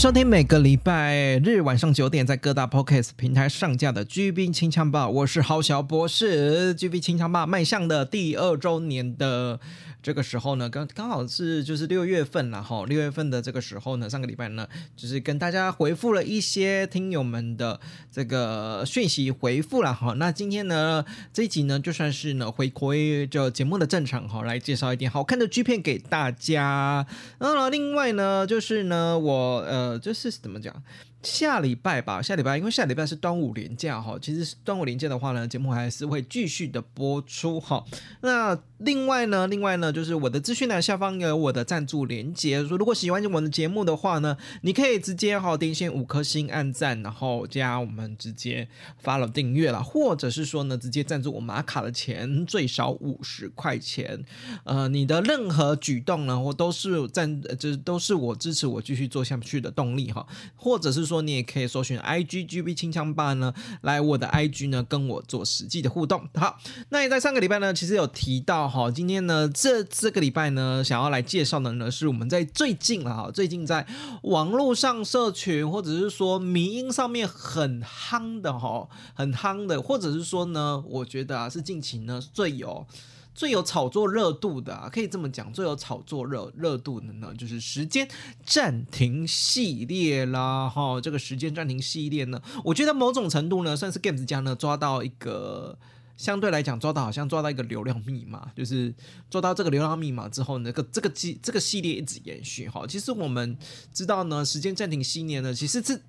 收聽每個禮拜日晚上九點，在各大 podcast 平台上架的《G 片清槍吧》，我是豪小博士。《G 片清槍吧》邁向的第二周年的這個時候呢，剛剛好是就是六月份了哈。哦，六月份的這個時候呢，上個禮拜呢，就是跟大家回復了一些聽友們的這個訊息回復了哈、哦。那今天呢，這一集呢，就算是呢回歸就節目的正常哈、哦，來介紹一點好看的 G 片給大家。那另外呢，就是呢，我呃。呃，就是怎麼講？下禮拜吧，下禮拜，因為下禮拜是端午連假哈，其實端午連假的話呢，節目還是會繼續的播出哈。那另外呢，另外呢，就是我的資訊欄下方有我的贊助連結，說如果喜歡我的節目的話呢，你可以直接哈點選五顆星按讚，然後加我們直接發了訂閱了，或者是說呢，直接贊助我馬卡的錢最少五十塊錢，呃，你的任何舉動呢，我都是讚，就是都是我支持我繼續做下去的動力哈，或者是。說你也可以搜尋 IGGB 清槍吧呢，來我的 IG 呢跟我做實際的互動。好，那也在上個禮拜呢，其實有提到哈，今天呢這這個禮拜呢，想要來介紹的呢是我們在最近哈，最近在網絡上社群或者是說迷因上面很夯的哈，很夯的，或者是說呢，我覺得啊是近期呢最有。最有炒作熱度的、啊，可以這麼講，最有炒作熱熱度的呢，就是時間暫停系列啦，哈，這個時間暫停系列呢，我覺得某種程度呢，算是 Games 家呢抓到一個相對來講，抓到好像抓到一個流量密碼，就是抓到這個流量密碼之後呢，個這個系、這個、這個系列一直延續，哈，其實我們知道呢，時間暫停系列呢，其實是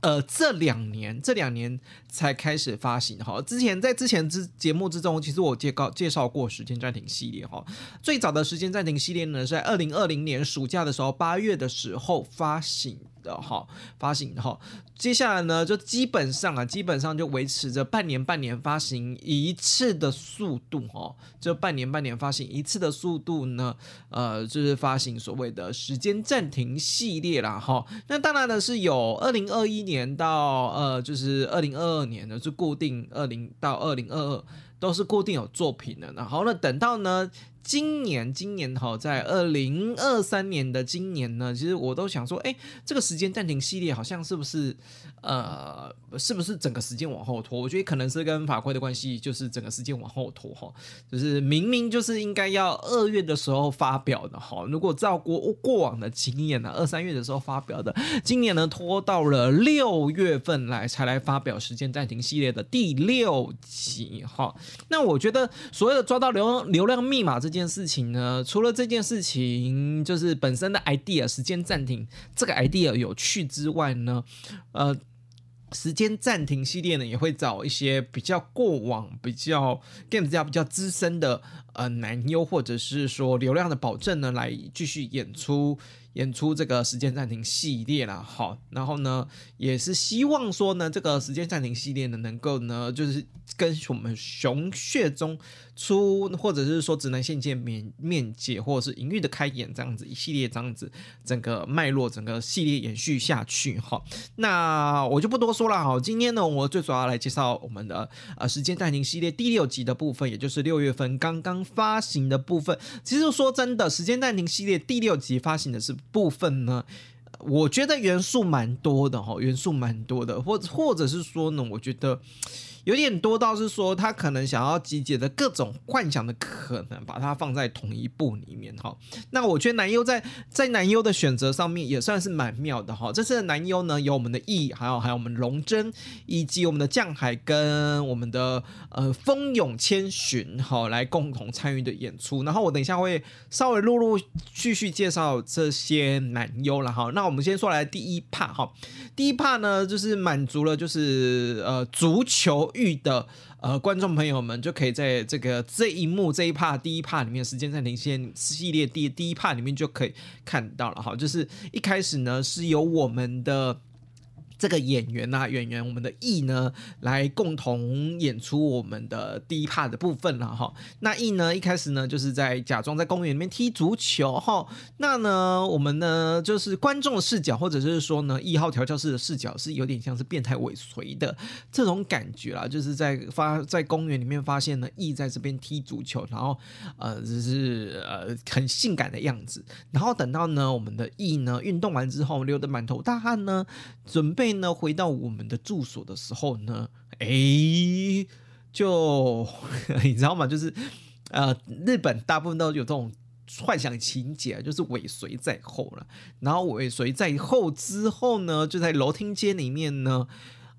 呃，這兩年，這兩年才開始發行哈。之前在之前之節目之中，其實我介紹介紹過《時間暫停》系列哈。最早的時間暫停系列呢是在二零二零年暑假的時候，八月的時候發行。的哈發行哈，接下來呢就基本上啊，基本上就維持着半年半年發行一次的速度哈。這半年半年發行一次的速度呢，呃，就是發行所謂的時間暫停系列啦。哈。那當然呢是有二零二一年到呃，就是二零二二年呢是固定二零到二零二二都是固定有作品的。然後呢，等到呢。今年，今年哈，在二零二三年的今年呢，其實我都想說，哎，這個時間暫停系列好像是不是，呃，是不是整個時間往後拖？我覺得可能是跟法規的關係，就是整個時間往後拖哈，就是明明就是應該要二月的時候發表的哈，如果照過過往的經驗呢啊，二三月的時候發表的，今年呢拖到了六月份來才來發表時間暫停系列的第六集哈。那我覺得所有的抓到流量流量密碼這。這件事情呢，除了這件事情就是本身的 idea，時間暫停這個 idea 有趣之外呢，呃，時間暫停系列呢也會找一些比較過往比較 games 比較資深的呃男優，或者是說流量的保證呢，來繼續演出。演出這個時間暫停系列了，好，然後呢，也是希望說呢，這個時間暫停系列呢，能夠呢，就是跟我們雄穴中出，或者是說只能現見面面解，或者是隱喻的開演這樣子，一系列這樣子，整個脈絡，整個系列延續下去，哈，那我就不多說了，哈，今天呢，我最主要來介紹我們的呃時間暫停系列第六集的部分，也就是六月份剛剛發行的部分。其實說真的，時間暫停系列第六集發行的是。部分呢，我覺得元素蠻多的哈，元素蠻多的，或或者是說呢，我覺得，有點多，倒是說他可能想要集結的各種幻想的可能，把它放在同一部裡面哈。那我覺得男優在在男優的選擇上面也算是蠻妙的哈。這次的男優呢，有我們的義，還有還有我們龍珍，以及我們的江海跟我們的呃風湧千尋哈，來共同參與的演出。然後我等一下會稍微陸陸續續，續介紹這些男優了哈。那我們先說來第一 part 哈，第一 part 呢就是滿足了就是呃足球，玉的呃，觀眾朋友們就可以在這個這一幕、這一 part 第一 part 裡面，時間暫停 FREEZE 系列第第一 part 裡面就可以看到了哈。就是一開始呢，是由我們的。這個演員吶、啊，演員，我們的 E 呢，來共同演出我們的第一 part 的部分了哈。那 E 呢，一開始呢，就是在假裝在公園裡面踢足球哈。那呢，我們呢，就是觀眾的視角，或者是說呢，一、e、號調教師的視角，是有點像是變態尾隨的這種感覺啦，就是在發在公園裡面發現呢，E 在這邊踢足球，然後呃，只、就是呃，很性感的樣子。然後等到呢，我們的 E 呢，運動完之後，流得滿頭大汗呢，準備。回到我們的住所的時候呢，哎、欸，就你知道嗎？就是呃，日本大部分都有這種幻想情節，就是尾隨在後了。然後尾隨在後之後呢，就在樓梯間裡面呢。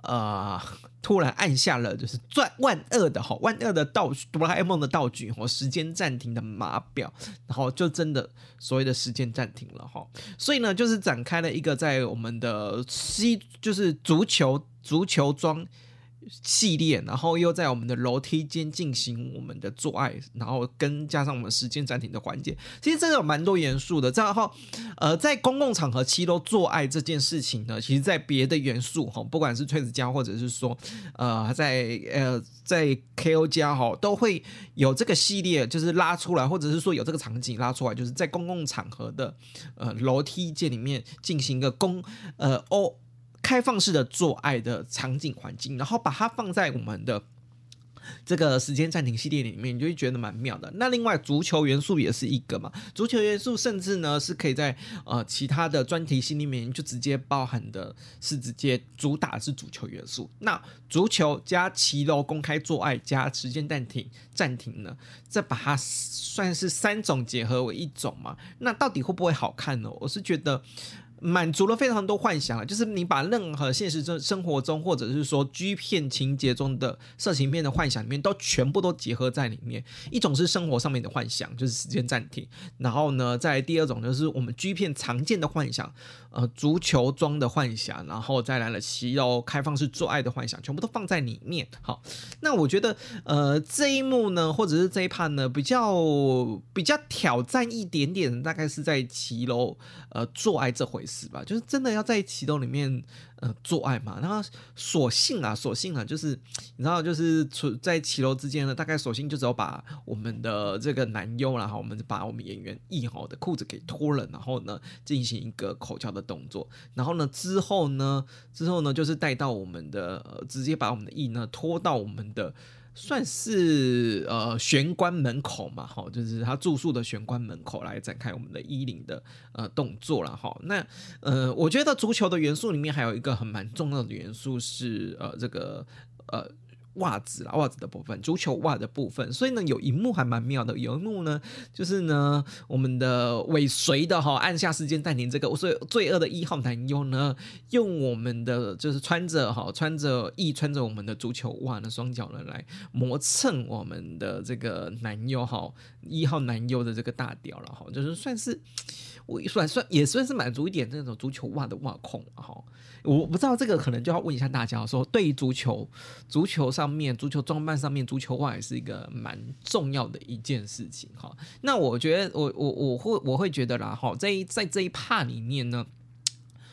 呃，突然按下了，就是轉萬惡的哈，萬惡的，的道具，哆啦 A 夢的道具哈，時間暫停的碼表，然後就真的所謂的時間暫停了哈，所以呢，就是展開了一個在我們的西，就是足球足球裝。系列，然後又在我們的樓梯間進行我們的做愛，然後跟加上我們時間暫停的環節，其實這個有蠻多元素的。然後，呃，在公共場合期都做愛這件事情呢，其實在別的元素哈、哦，不管是崔子家或者是說呃在呃在 KO 家哈，都會有這個系列，就是拉出來，或者是說有這個場景拉出來，就是在公共場合的呃樓梯間裡面進行一個公呃 O, 開放式的做愛的場景環境，然後把它放在我們的這個時間暫停系列裡面，你就會覺得蠻妙的。那另外足球元素也是一個嘛？足球元素甚至呢是可以在呃其他的專題系列裡面就直接包含的，是直接主打是足球元素。那足球加騎樓公開做愛加時間暫停暫停呢，這把它算是三種結合為一種嘛？那到底會不會好看呢？哦？我是覺得。滿足了非常多幻想啊，就是你把任何現實生生活中，或者是說 G 片情節中的色情片的幻想裡面，都全部都結合在裡面。一種是生活上面的幻想，就是時間暫停；然後呢，在第二種就是我們 G 片常見的幻想。呃，足球裝的幻想，然後再來了騎樓開放式做愛的幻想，全部都放在裡面。好，那我覺得，呃，這一幕呢，或者是這一趴呢，比較比較挑戰一點點，大概是在騎樓呃做愛這回事吧，就是真的要在騎樓裡面。呃、嗯，做愛嘛，然後索性啊，索性啊，就是你知道，就是處在騎樓之間呢，大概索性就只有把我們的這個男優，然後我們把我們演員藝好的褲子給脫了，然後呢，進行一個口交的動作，然後呢，之後呢，之後呢，就是帶到我們的、呃，直接把我們的藝呢拖到我們的。算是呃玄關門口嘛，吼，就是他住宿的玄關門口來展開我們的衣領的呃動作了，吼，那呃我覺得足球的元素裡面還有一個很蠻重要的元素是呃這個呃。襪子啦，襪子的部分，足球襪的部分，所以呢，有一幕還蠻妙的，有一幕呢，就是呢，我們的尾隨的哈、哦，按下時間暫停這個，我所以罪惡的一號男優呢，用我們的就是穿着哈，穿着一穿着我們的足球襪的雙腳呢，來磨蹭我們的這個男優哈，一號男優的這個大屌了哈，就是算是。我一算算，也算是滿足一點那種足球襪的襪控吼，我不知道這個可能就要問一下大家說，對於足球、足球上面、足球裝扮上面，足球襪也是一個蠻重要的一件事情哈。那我覺得我我我會我會覺得啦哈，在在這一趴裡面呢。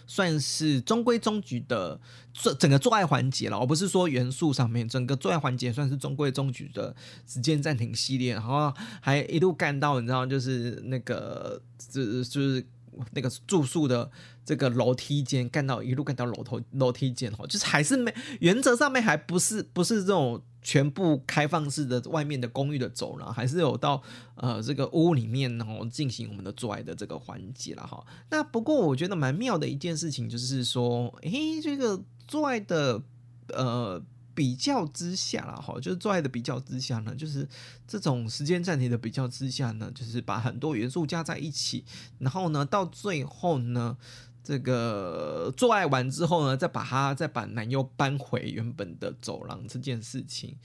算是中規中矩的做整，整個做愛環節了，而不是說元素上面整個做愛環節算是中規中矩的時間暫停系列，然後還一路幹到你知道就是那個就就是。就是那個住宿的這個樓梯間，幹到一路幹到樓頭樓梯間哈，就是還是沒原則上面還不是不是這種全部開放式的外面的公寓的走廊，還是有到呃這個屋裡面哈，進行我們的做愛的這個環節了哈。那不過我覺得蠻妙的一件事情就是說，誒，這個做愛的呃。比較之下了哈，就是做愛的比較之下呢，就是這種時間暫停的比較之下呢，就是把很多元素加在一起，然後呢，到最後呢，這個做愛完之後呢，再把它再把男優搬回原本的走廊這件事情。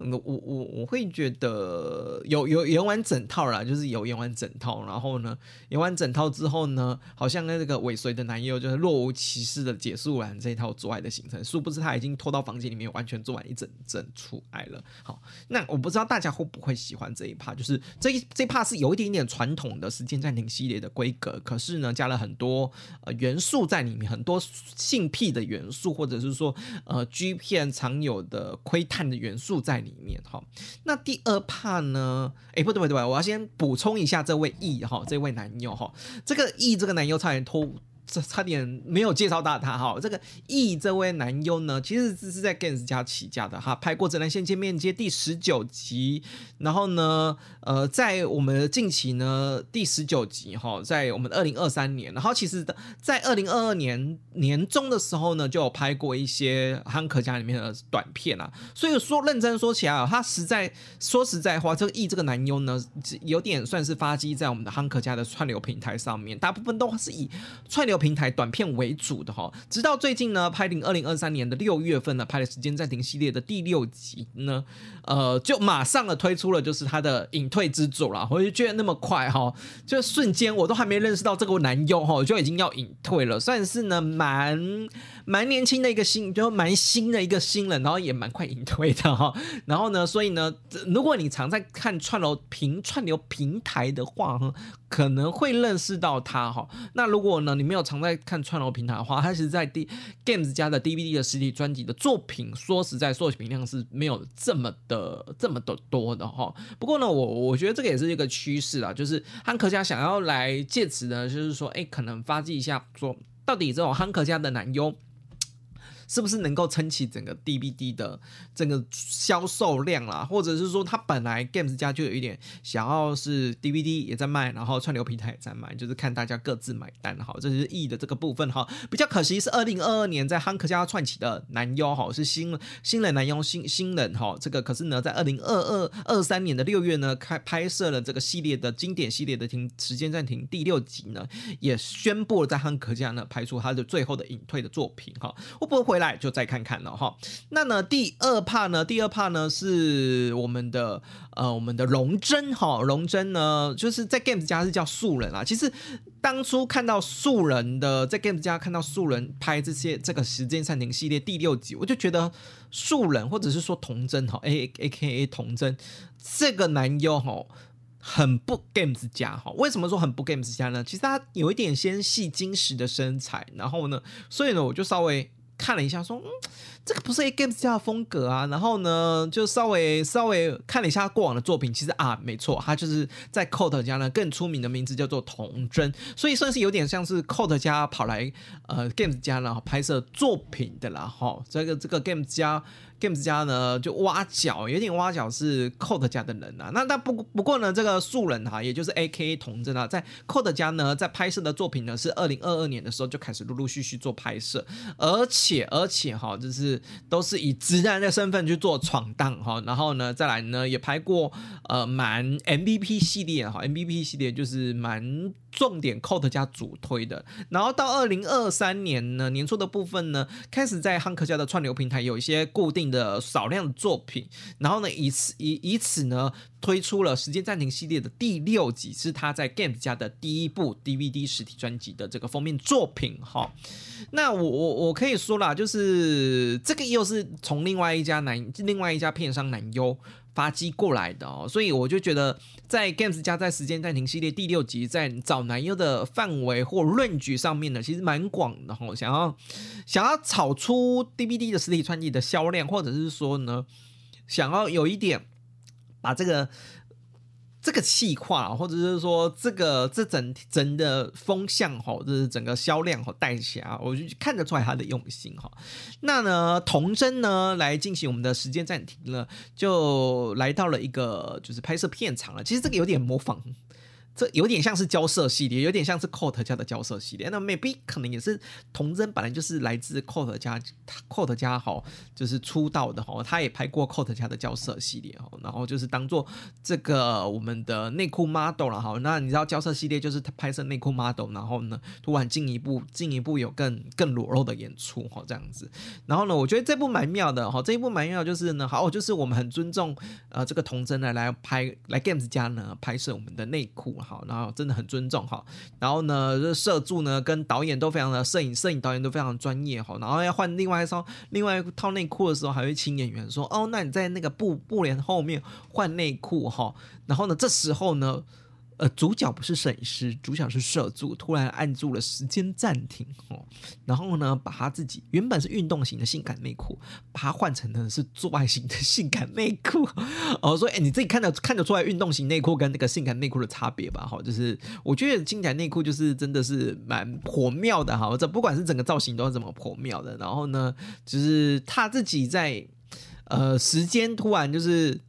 那我我我會覺得有有演完整套啦，就是有演完整套，然後呢，演完整套之後呢，好像那個尾隨的男友就是若無其事的結束完這一套做愛的行程，殊不知他已經拖到房間裡面完全做完一整整出來了。好，那我不知道大家會不會喜歡這一趴，就是這一這一趴是有一點點傳統的《時間暫停》系列的規格，可是呢，加了很多呃元素在裡面，很多性癖的元素，或者是說呃 G 片常有的窺探的元素在裡面。裡面哈，那第二 part 呢？哎、欸，不對不對，我要先補充一下這位 E 哈，這位男優，哈，這個 E 這個男優差點脫。差差點沒有介紹到他哈，這個易、e、這位男優呢，其實是在 Gens 家起家的哈，拍過《真嵐線見面接第十九集，然後呢，呃，在我們近期呢第十九集哈，在我們二零二三年，然後其實在，在二零二二年年中的時候呢，就有拍過一些漢克、er、家裡面的短片啊，所以說認真說起來，他實在說實在話，這個易、e、這個男優呢，有點算是發跡在我們的漢克、er、家的串流平台上面，大部分都是以串流。平台短片為主的哈、哦，直到最近呢，拍零二零二三年的六月份呢，拍了《時間暫停》系列的第六集呢，呃，就馬上的推出了，就是他的隱退之作啦。我就覺得那麼快哈、哦，就瞬間我都還沒認識到這個男優哈、哦，就已經要隱退了，算是呢蠻。蠻年輕的一個新，就蠻新的一個新人，然後也蠻快引退的哈、哦。然後呢，所以呢，如果你常在看串流平串流平台的話，哈，可能會認識到他哈、哦。那如果呢，你沒有常在看串流平台的話，他其實在 D Games 家的 DVD 的實體專輯的作品，說實在，作品量是沒有這麼的這麼的多的哈、哦。不過呢，我我覺得這個也是一個趨勢啦，就是漢克、er、家想要來借此呢，就是說，哎，可能發跡一下說，說到底這種漢克家的男優。是不是能夠撐起整個 DVD 的整個銷售量啦，或者是說，他本來 Games 家就有一點想要是 DVD 也在賣，然後串流平台也在賣，就是看大家各自買單好。這是 E 的這個部分哈。比較可惜是2022年在漢克、er、家串起的男優哈，是新新人男優新新人哈。這個可是呢，在2022-23年的六月呢，開拍攝了這個系列的經典系列的停時間暫停第六集呢，也宣布了在漢克、er、家呢拍出他的最後的隱退的作品哈。會不會回。來就再看看了哈、哦。那呢，第二 part 呢，第二 part 呢是我們的呃，我們的龍珍。哈、哦。龍珍呢，就是在 Games 家是叫素人啊。其實當初看到素人的在 Games 家看到素人拍這些這個《時間暫停系列第六集，我就覺得素人或者是說童真哈、哦、，A A K A 童真這個男優哈、哦，很不 Games 家哈、哦。為什麼說很不 Games 家呢？其實他有一點纖細精實的身材，然後呢，所以呢，我就稍微。看了一下說，說嗯，這個不是 A Games 家的風格啊。然後呢，就稍微稍微看了一下過往的作品，其實啊，沒錯，他就是在 COAT 家呢更出名的名字叫做童真，所以算是有點像是 COAT 家跑來呃 Games 家然後拍攝作品的啦吼，這個這個 Games 家。Games 家呢就挖角，有點挖角是 Cot 家的人啊。那那不不過呢，這個素人哈、啊，也就是、AK、A K 童真啊，在 Cot 家呢，在拍攝的作品呢是二零二二年的時候就開始陸陸續續做拍攝，而且而且哈，就是都是以直男的身份去做闖蕩哈。然後呢，再來呢也拍過呃蠻 M V P 系列哈，M V P 系列就是蠻重點 Cot 家主推的。然後到二零二三年呢年初的部分呢，開始在漢克家的串流平台有一些固定。的少量作品，然後呢，以此以以此呢，推出了《時間暫停》系列的第六集，是他在 Game 家的第一部 DVD 實體專輯的這個封面作品。哈、哦，那我我我可以說啦，就是這個又是從另外一家男另外一家片商男優。發起過來的哦，所以我就覺得在 Games 加在時間暫停系列第六集在找男優的範圍或論據上面呢，其實蠻廣的哦，想要想要炒出 DVD 的實體專輯的銷量，或者是說呢，想要有一點把這個。這個氣化，或者是說這個這整整的風向哈，就是整個銷量哈帶起來，我就看得出來他的用心哈。那呢，童真呢來進行我們的時間暫停了，就來到了一個就是拍攝片場了。其實這個有點模仿。這有點像是交涉系列，有點像是 Coat 家的交涉系列。那 maybe 可能也是童真本來就是來自 Coat 家，Coat 家哈，就是出道的哈，他也拍過 Coat 家的交涉系列哦。然後就是當做這個我們的內褲 model 了哈。那你知道交涉系列就是他拍攝內褲 model，然後呢，突然進一步進一步有更更裸露的演出哈這樣子。然後呢，我覺得這一部蠻妙的哈，這一部蠻妙就是呢，好，就是我們很尊重呃這個童真來拍來拍來 Games 家呢拍攝我們的內褲啊。好，然後真的很尊重哈。然後呢，攝助呢跟導演都非常的攝影，攝影導演都非常專業，好，然後要換另外一雙、另外一套內褲的時候，還會請演員說：“哦，那你在那個布布簾後面換內褲，好，然後呢，這時候呢。呃，主角不是攝影師，主角是攝助，突然按住了時間暫停哦，然後呢，把他自己原本是運動型的性感內褲，把它換成的是做愛型的性感內褲。哦，所以誒，你自己看得看得出來運動型內褲跟那個性感內褲的差別吧？哈、哦，就是我覺得性感內褲就是真的是蠻破妙的哈、哦，這不管是整個造型都是這麼破妙的。然後呢，就是他自己在呃時間突然就是。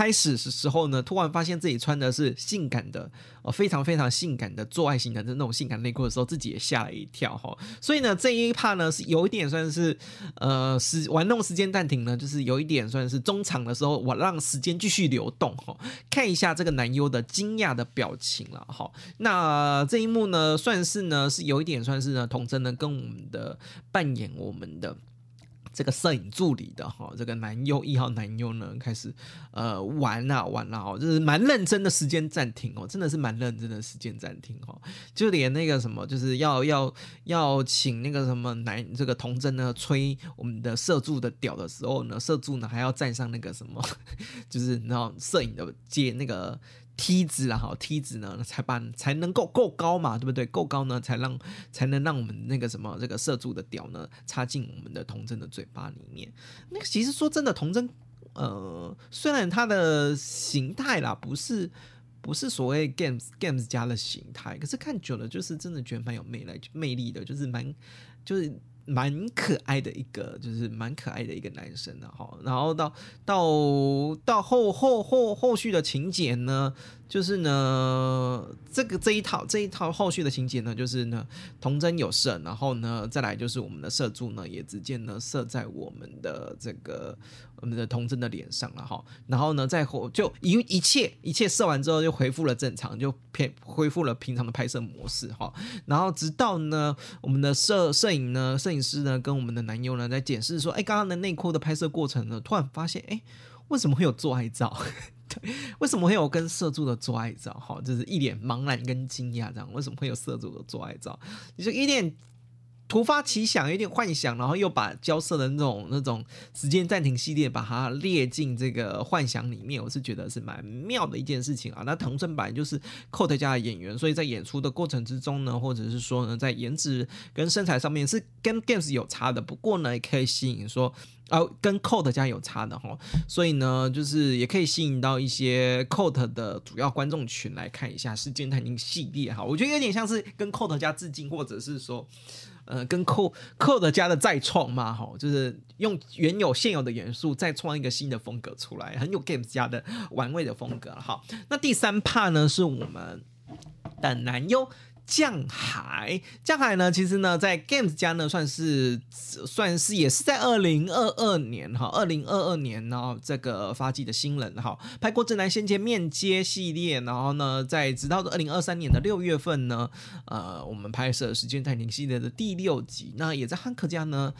開始的時候呢，突然發現自己穿的是性感的，哦、呃，非常非常性感的做愛型的那種性感內褲的時候，自己也嚇了一跳哈。所以呢，這一趴呢是有一點算是，呃，時玩弄時間暫停呢，就是有一點算是中場的時候，我讓時間繼續流動哈，看一下這個男優的驚訝的表情了哈。那這一幕呢，算是呢是有一點算是呢，童真呢跟我們的扮演我們的。這個攝影助理的哈，這個男優一號男優呢，開始呃玩了、啊、玩了、啊、哦，就是蠻認真的時間暫停哦，真的是蠻認真的時間暫停哦，就連那個什麼，就是要要要請那個什麼男這個童貞呢，吹我們的攝助的屌的時候呢，攝助呢還要站上那個什麼，就是你知道攝影的接那個。梯子啊，好梯子呢，才把才能夠夠高嘛，對不對？夠高呢，才讓才能讓我們那個什麼這個射柱的屌呢插進我們的童貞的嘴巴裡面。那其實說真的，童貞呃，雖然它的形態啦不是不是所謂 games games 加的形態，可是看久了就是真的覺得蠻有魅力魅力的，就是蠻就是。蠻可愛的一個，就是蠻可愛的一個男生的、啊、哈。然後到到到後後後後續的情節呢，就是呢這個這一套這一套後續的情節呢，就是呢童真有色然後呢再來就是我們的社助呢也直接呢射在我們的這個。我們的童真的臉上了哈，然後呢，再後就一一切一切射完之後，就恢復了正常，就拍恢復了平常的拍攝模式哈。然後直到呢，我們的攝攝影呢，攝影師呢，跟我們的男優呢，在解釋說，哎，剛剛的內褲的拍攝過程呢，突然發現，哎，為什麼會有做愛照？對，為什麼會有跟攝助的做愛照？哈，就是一臉茫然跟驚訝這樣，為什麼會有攝助的做愛照？就是一臉。突發奇想，有點幻想，然後又把交涉的那種、那種時間暫停系列，把它列進這個幻想裡面，我是覺得是蠻妙的一件事情啊。那藤村版就是 COAT 家的演員，所以在演出的過程之中呢，或者是說呢，在顏值跟身材上面是跟 Games 有差的，不過呢，也可以吸引說啊、呃，跟 COAT 家有差的哈，所以呢，就是也可以吸引到一些 COAT 的主要觀眾群來看一下時間暫停系列哈。我覺得有點像是跟 COAT 家致敬，或者是說。呃，跟 Co Code 家的再創嘛，吼，就是用原有現有的元素再創一個新的風格出來，很有 Games 家的玩味的風格，好，那第三 part 呢，是我們的男優。江海，江海呢？其實呢，在 Games 家呢，算是算是也是在二零二二年哈，二零二二年呢這個發跡的新人哈，然拍過《正南先見面接》系列，然後呢，在直到二零二三年的六月份呢，呃，我們拍攝《時間暫停》系列的第六集，那也在漢克家呢。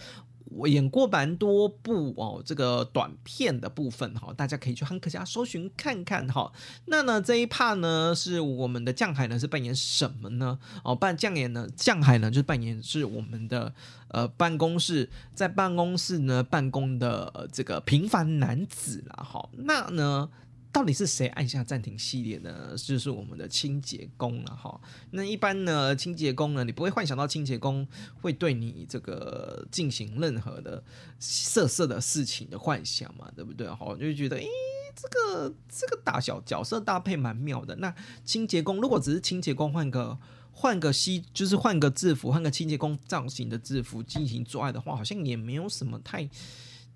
我演過蠻多部哦，這個短片的部分哈，大家可以去漢克、er、家搜尋看看哈、哦。那呢這一 part 呢是我們的江海呢是扮演什麼呢？哦，扮江演呢降海呢，降海呢就扮演是我們的呃辦公室在辦公室呢辦公的、呃、這個平凡男子啦哈、哦。那呢。到底是誰按下暫停系列呢？就是我們的清潔工了、啊、哈。那一般呢，清潔工呢，你不會幻想到清潔工會對你這個進行任何的色色的事情的幻想嘛？對不對？哈，你就會覺得，誒、欸，這個這個大小角色搭配蠻妙的。那清潔工如果只是清潔工個，換個換個西，就是換個制服，換個清潔工造型的制服進行做愛的話，好像也沒有什麼太。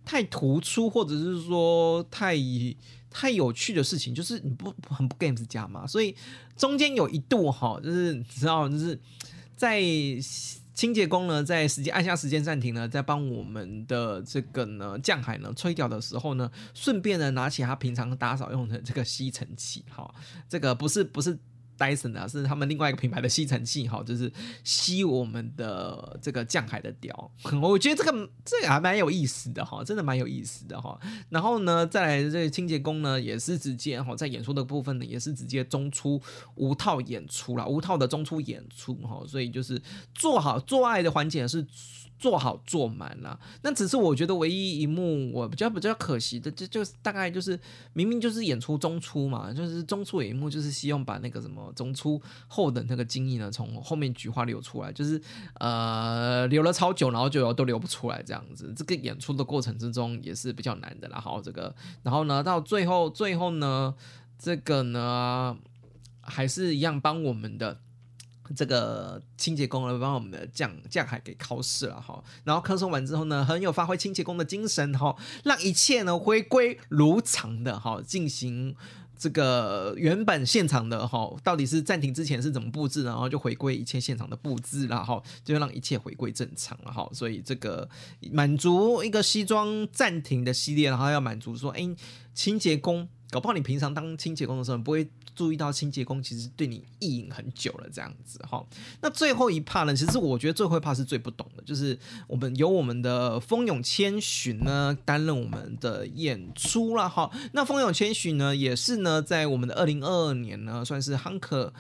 太突出，或者是說太太有趣的事情，就是你不很不 games 加嘛，所以中間有一度哈，就是你知道就是在清潔工呢，在時間按下時間暫停呢，在幫我們的這個呢醬海呢吹掉的時候呢，順便呢拿起他平常打掃用的這個吸塵器哈，這個不是不是。戴森是他們另外一個品牌的吸塵器哈，就是吸我們的這個降海的屌，我覺得這個這個還蠻有意思的哈，真的蠻有意思的哈。然後呢，再來這個清潔工呢，也是直接哈，在演出的部分呢，也是直接中出無套演出啦，無套的中出演出哈，所以就是做好做愛的環節是。做好做滿了、啊，那只是我覺得唯一一幕我比較比較可惜的，就就是大概就是明明就是演出中出嘛，就是中出有一幕，就是希望把那個什麼中出後的那個精液呢，從後面菊花流出來，就是呃流了超久，然後就都流不出來這樣子。這個演出的過程之中也是比較難的。啦、這個，好，這個然後呢到最後最後呢這個呢還是一樣幫我們的。這個清潔工來把我們的醬醬海給摳死了哈，然後科屎完之後呢，很有發揮清潔工的精神哈，讓一切呢回歸如常的哈，進行這個原本現場的哈，到底是暫停之前是怎麼布置，然後就回歸一切現場的布置，然後就讓一切回歸正常了哈，所以這個滿足一個西裝暫停的系列，然後要滿足說，哎，清潔工。搞不好你平常當清潔工的時候，你不會注意到清潔工其實對你意淫很久了這樣子哈。那最後一 part 呢？其實我覺得最後一 part 是最不懂的，就是我們由我們的風永千尋呢擔任我們的演出了哈。那風永千尋呢，也是呢在我們的二零二二年呢，算是 Hank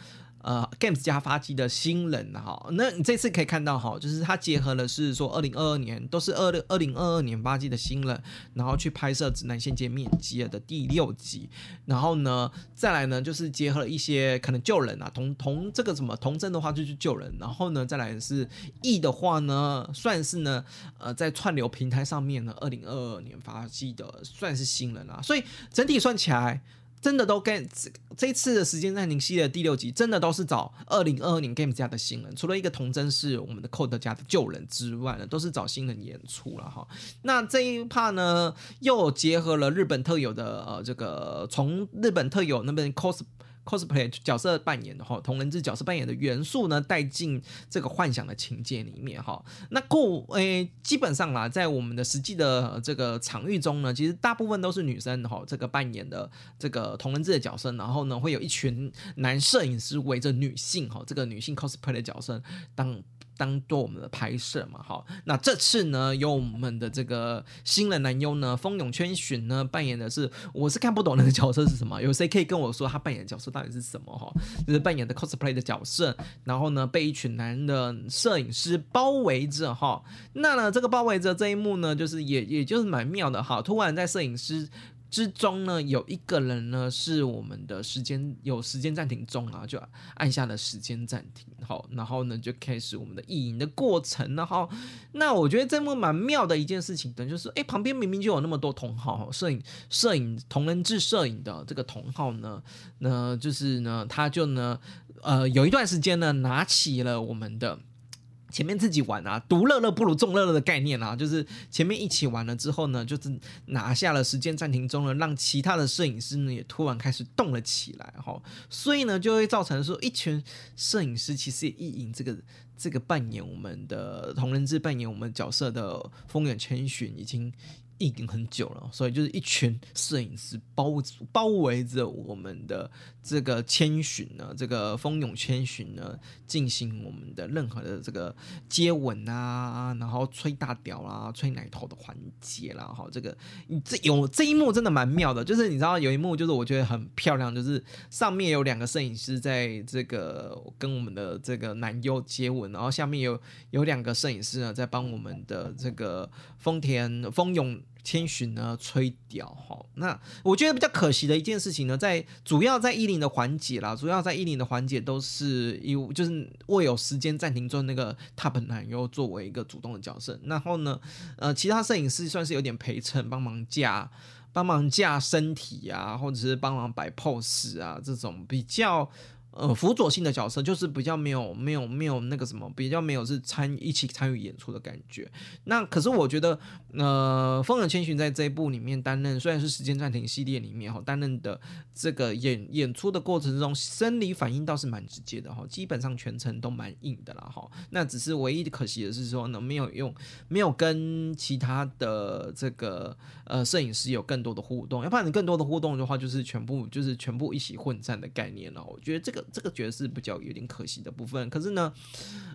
呃，games 加發迹的新人哈，那你這次可以看到哈，就是它結合了是說年，二零二二年都是二六二零二二年發迹的新人，然後去拍攝《指南線界面積》的第六集，然後呢，再來呢就是結合了一些可能舊人啊，同同這個什麼童真的話就是救人，然後呢再來是 E 的話呢，算是呢呃在串流平台上面呢，二零二二年發迹的算是新人啊，所以整體算起來。真的都 Game，這次的時間暫停系列第六集，真的都是找二零二二年 Game 家的新人，除了一個童真，是我們的 Code 家的舊人之外呢，都是找新人演出了哈。那這一 part 呢，又結合了日本特有的呃這個從日本特有那邊 cos。cosplay 角色扮演的吼，同人志角色扮演的元素呢帶進這個幻想的情節裡面哈，那過誒基本上啦，在我們的實際的這個場域中呢，其實大部分都是女生吼，這個扮演的這個同人志的角色，然後呢會有一群男攝影師圍着女性吼，這個女性 cosplay 的角色當。當做我們的拍攝嘛，好，那這次呢，由我們的這個新人男優呢，豐永千尋呢扮演的是，我是看不懂那個角色是什麼，有誰可以跟我說他扮演的角色到底是什麼哈？就是扮演的 cosplay 的角色，然後呢，被一群男人的攝影師包圍着哈，那呢，這個包圍着這一幕呢，就是也也就是蠻妙的哈，突然在攝影師。之中呢，有一個人呢，是我們的時間有時間暫停中啊，就按下了時間暫停，好，然後呢，就開始我們的意淫的過程。然後那我覺得這麼蠻妙的一件事情的，等、就、於是，哎、欸，旁邊明明就有那麼多同號攝影、攝影同人誌攝影的這個同號呢，那就是呢，他就呢，呃，有一段時間呢，拿起了我們的。前面自己玩啊，獨樂樂不如眾樂樂的概念啊，就是前面一起玩了之後呢，就是拿下了時間暫停中了，讓其他的攝影師呢也突然開始動了起來哈，所以呢就會造成說一群攝影師其實也意淫這個這個扮演我們的同人誌扮演我們角色的風犬千尋已經。已經很久了，所以就是一群攝影師包包圍着我們的這個千尋呢，這個蜂擁千尋呢，進行我們的任何的這個接吻啊，然後吹大屌啦、啊，吹奶頭的環節啦。哈。這個這有這一幕真的蠻妙的，就是你知道有一幕就是我覺得很漂亮，就是上面有兩個攝影師在這個跟我們的這個男優接吻，然後下面有有兩個攝影師呢在幫我們的這個豐田蜂擁。千尋呢，吹屌吼，那我覺得比較可惜的一件事情呢，在主要在一零的環節啦，主要在一零的環節都是有就是為有時間暫停做那個踏板男優，作為一個主動的角色，然後呢，呃，其他攝影師算是有點陪襯，幫忙架幫忙架身體啊，或者是幫忙擺 pose 啊這種比較。呃，輔佐性的角色就是比較沒有、沒有、沒有那個什麼，比較沒有是參一起參與演出的感覺。那可是我覺得，呃，風間千尋在這一部裡面擔任，雖然是時間暫停系列裡面哈擔任的這個演演出的過程中，生理反應倒是蠻直接的哈，基本上全程都蠻硬的啦哈。那只是唯一的可惜的是說呢，沒有用，沒有跟其他的這個呃攝影師有更多的互動。要不然更多的互動的話，就是全部就是全部一起混戰的概念了。我覺得這個。這個角色是比較有點可惜的部分，可是呢，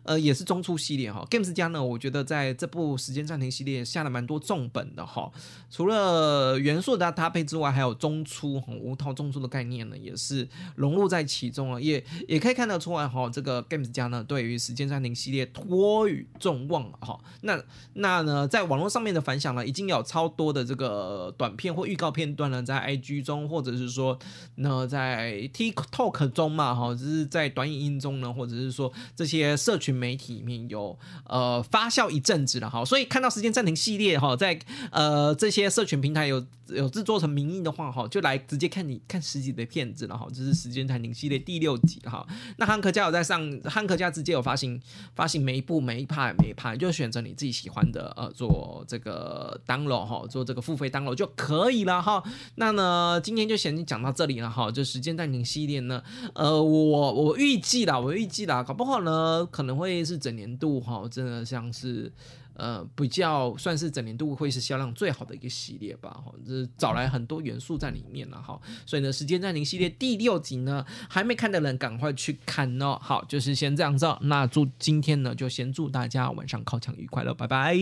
呃，也是中出系列哈。Games 家呢，我覺得在這部《時間暫停》系列下了蠻多重本的哈。除了元素的搭配之外，還有中出哈、無套中出的概念呢，也是融入在其中了，也也可以看得出來哈，這個 Games 家呢，對於《時間暫停》系列托予眾望了哈。那那呢，在網絡上面的反響呢，已經有超多的這個短片或預告片段呢，在 IG 中或者是說那在 TikTok 中嘛。好，這是在短影音中呢，或者是說這些社群媒體裡面有呃發酵一陣子了哈，所以看到時間暫停系列哈，在呃這些社群平台有有制作成迷因的話哈，就來直接看你看實際的片子了哈，這是時間暫停系列第六集哈。那漢克、er、家有在上漢克、er、家直接有發行發行每一部每一 part 每一 part，就選擇你自己喜歡的呃做這個 download 哈，做這個付費 download 就可以了哈。那呢今天就先講到這裡了哈，就時間暫停系列呢呃。我我預計啦，我預計啦，搞不好呢，可能會是整年度哈，真的像是，呃，比較算是整年度會是銷量最好的一個系列吧哈，就是找來很多元素在裡面了哈，所以呢，《時間暫停》系列第六集呢，還沒看的人趕快去看哦、喔。好，就是先這樣子，那祝今天呢，就先祝大家晚上靠牆愉快了，拜拜。